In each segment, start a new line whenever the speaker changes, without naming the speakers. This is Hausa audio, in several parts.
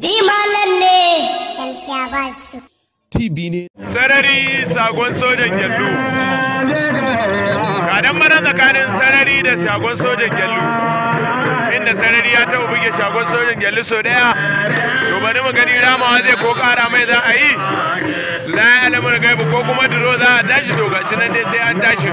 Dimalan ne. Gaskiya ba su. TV ne. Sarari sagon sojan gyallu. Kadan mara tsakanin sarari da shagon sojan gyallu. Inda sarari ya taɓa buge shagon sojan gyallu sau ɗaya. To bari mu gani ramawa zai ko ƙara mai za a yi. Za a yi alamar gaibu ko kuma duro za a tashi to gashi nan dai sai an tashi.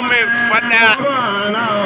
bari but now.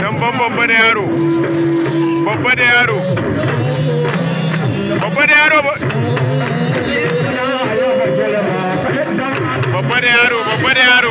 dan ban babba da yaro babba da yaro babba da yaro babba da yaro babba da yaro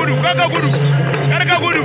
gudu ka gudu kar ka gudu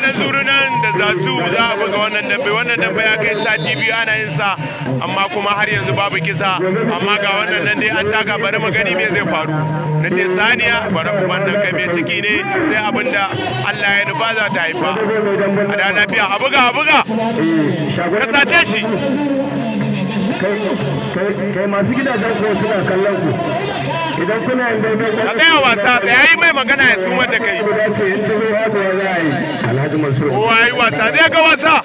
na zuru nan da su za a buga wannan dambe wannan dambe ya kai sati biyu ana yin sa amma kuma har yanzu babu kisa amma ga wannan nan dai an taka bari mu gani me zai faru na ce saniya bari mu wannan kai me ciki ne sai abinda Allah ya nufa za ta haifa a da lafiya a buga a buga ka sace shi kai masu gidajen ko suna kallon ku ka tsaya wasa tsaya yi mai magana ya sun wanda kai alhaji mansur ayi yi wasa ne ga wasa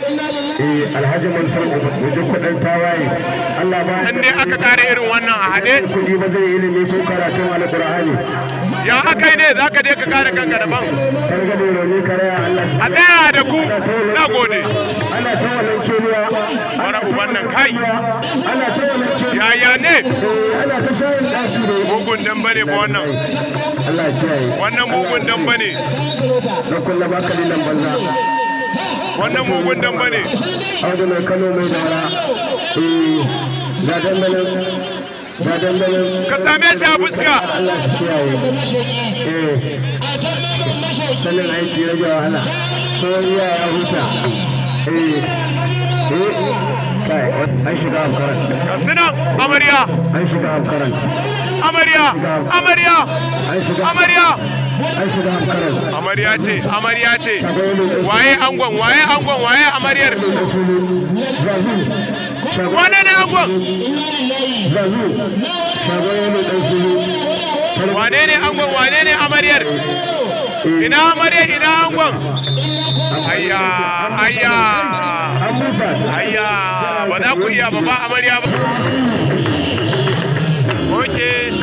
eh ne aka tare irin wannan a hade kudi ya yi ne zaka je ka kare kanka da a tsaya da ku na gode mara uban nan kai ne eh, dan bane ba wannan wannan mugun dan bane wannan mugun dan bane kano eh, ka same shi a fuska Allah ya kiyaye eh, sanin aiki rage ya huta eh, an shiga amarya an shiga abkaran amarya amarya amarya amarya ce amarya ce waye angon waye angon waye amaryar wane ne angon wane ne angon wane ne amaryar ina amaryar ina angon ayya ayya ayya ba za ku iya ba ba amarya ba যে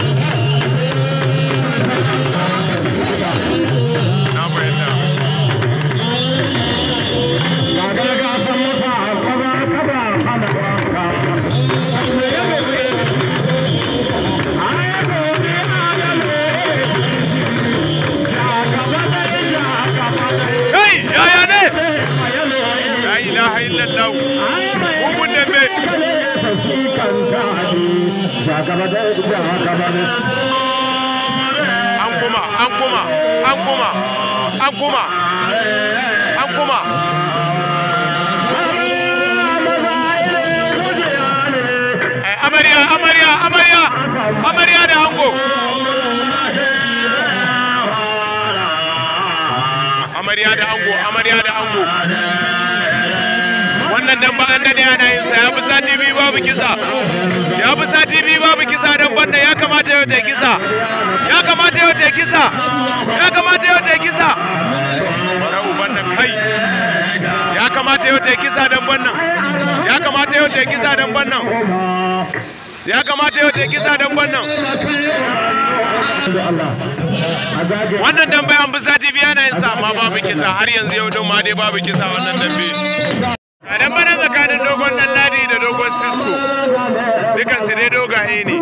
kuma an kuma an kuma eh, amarya amarya amarya amarya da ango amarya da ango amarya da ango wannan dan ba an dade ana yin sa ya fi sati biyu babu kisa ya fi sati biyu babu kisa dan banda ya kamata yau ta kisa ya kamata yau ta kisa kamata yau ta kisa kai ya kamata yau ta yi kisa don bannan ya kamata yau ta yi kisa don wannan ya kamata yau ta yi kisa don wannan wannan dambe an bisa tv yana yin sa amma babu kisa har yanzu yau don ma dai babu kisa wannan dambe ga dambe na tsakanin dogon dan ladi da dogon sisko dukansu dai dogaye ne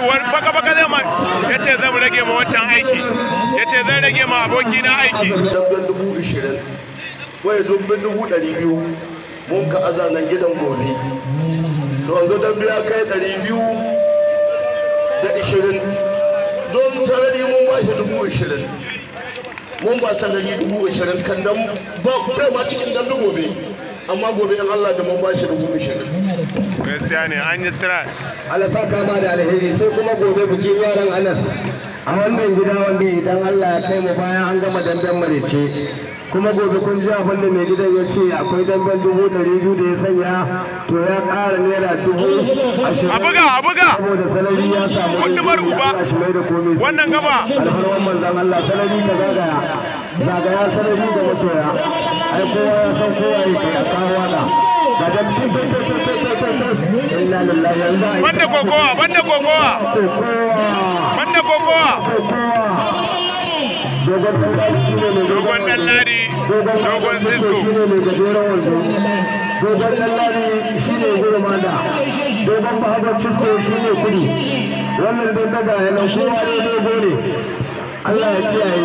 mai baka-baka zai ma ya ce zan rage ma wancan aiki ya ce zan rage ma aboki na aiki dambin dubu ishirin wai dubbin dubu ɗari biyu mun ka aza nan gidan gobe to yanzu dambe ya kai ɗari biyu da ishirin don sarari mun ba shi dubu ishirin mun ba sarari dubu ishirin kan dan ba kuma ma cikin dambe gobe amma gobe in Allah da mun ba shi dubu ishirin gaskiya ne an yi Allah sa kama da alheri sai kuma gobe bikin yaran anan a wannan gida wanda idan Allah ya kai mu bayan an gama dandan marice kuma gobe kun ji abin da mai gidan ya ce akwai dandan dubu ɗari biyu da ya sanya to ya ƙara naira dubu ashirin a buga a buga saboda salari ya samu kundumar uba wannan gaba alfarwan manzan Allah salari ka zagaya zagaya salari da masoya ai kowa ya san kowa ya kai a kawo banda kokowa banda kokowa banda kokowa dogon dallari dogon cisco dogon dallari shi ne guru manda dogon bahabar cisco shi ne kudu wannan don daga yana kowa ne dogo ne Allah ya kiyaye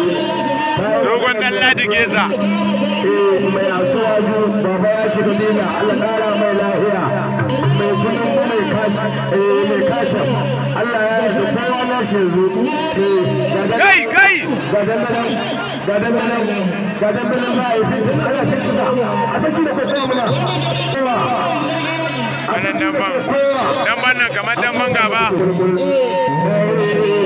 dogon dan ladi geza eh mai asuwa ju baba ya shiga dina Allah kara mai lafiya mai kudin mai kashi eh mai kashi Allah ya yi kowa na shi yanzu eh kai kai ga dan nan ga dan nan ga dan nan ba yi Allah ya kiyaye a take da kowa muna wannan damban damban nan kamar damban gaba eh, eh, eh.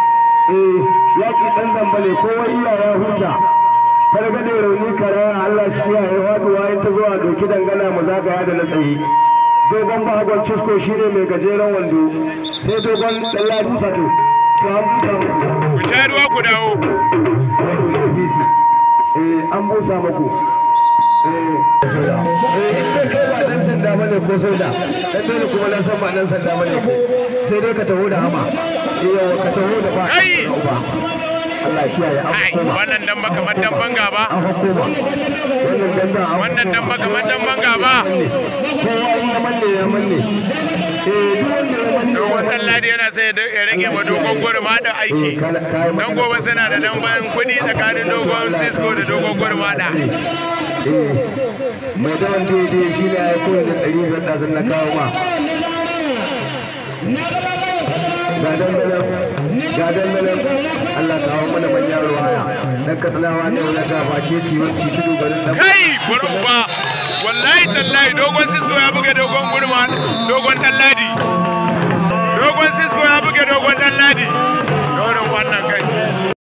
eh yaki dan zambale kowa iya ya huta fargade rauni karaya Allah shi ya yi waduwa ya ta zuwa doki dangana mu zagaya da na tsaye dogon bahagon cisko shine mai gajeren wando sai dogon ɗallaji fato ku sha ku dawo eh, an busa muku sanda bane ko soja dan kuma ba taho da hama ba wannan dan baka banga ba wannan dan baka banga ba don eh, wannan ladi yana sai ya rage ma dogon ma da aiki eh, don gobe suna da dan bayan kudi tsakanin dogon cisco da dogon ma da daidai eh, shi ne ya koyar da ɗazin na kawo ma ga dandalan Allah ta hawa mana manya ruwaya dan katsalawa ne wani gafa ke ciwo ki tudu garin da kai burin ba wallahi tallahi dogon sisko ya buge dogon gurma dogon talladi dogon sisko ya buge dogon talladi dogon wannan kai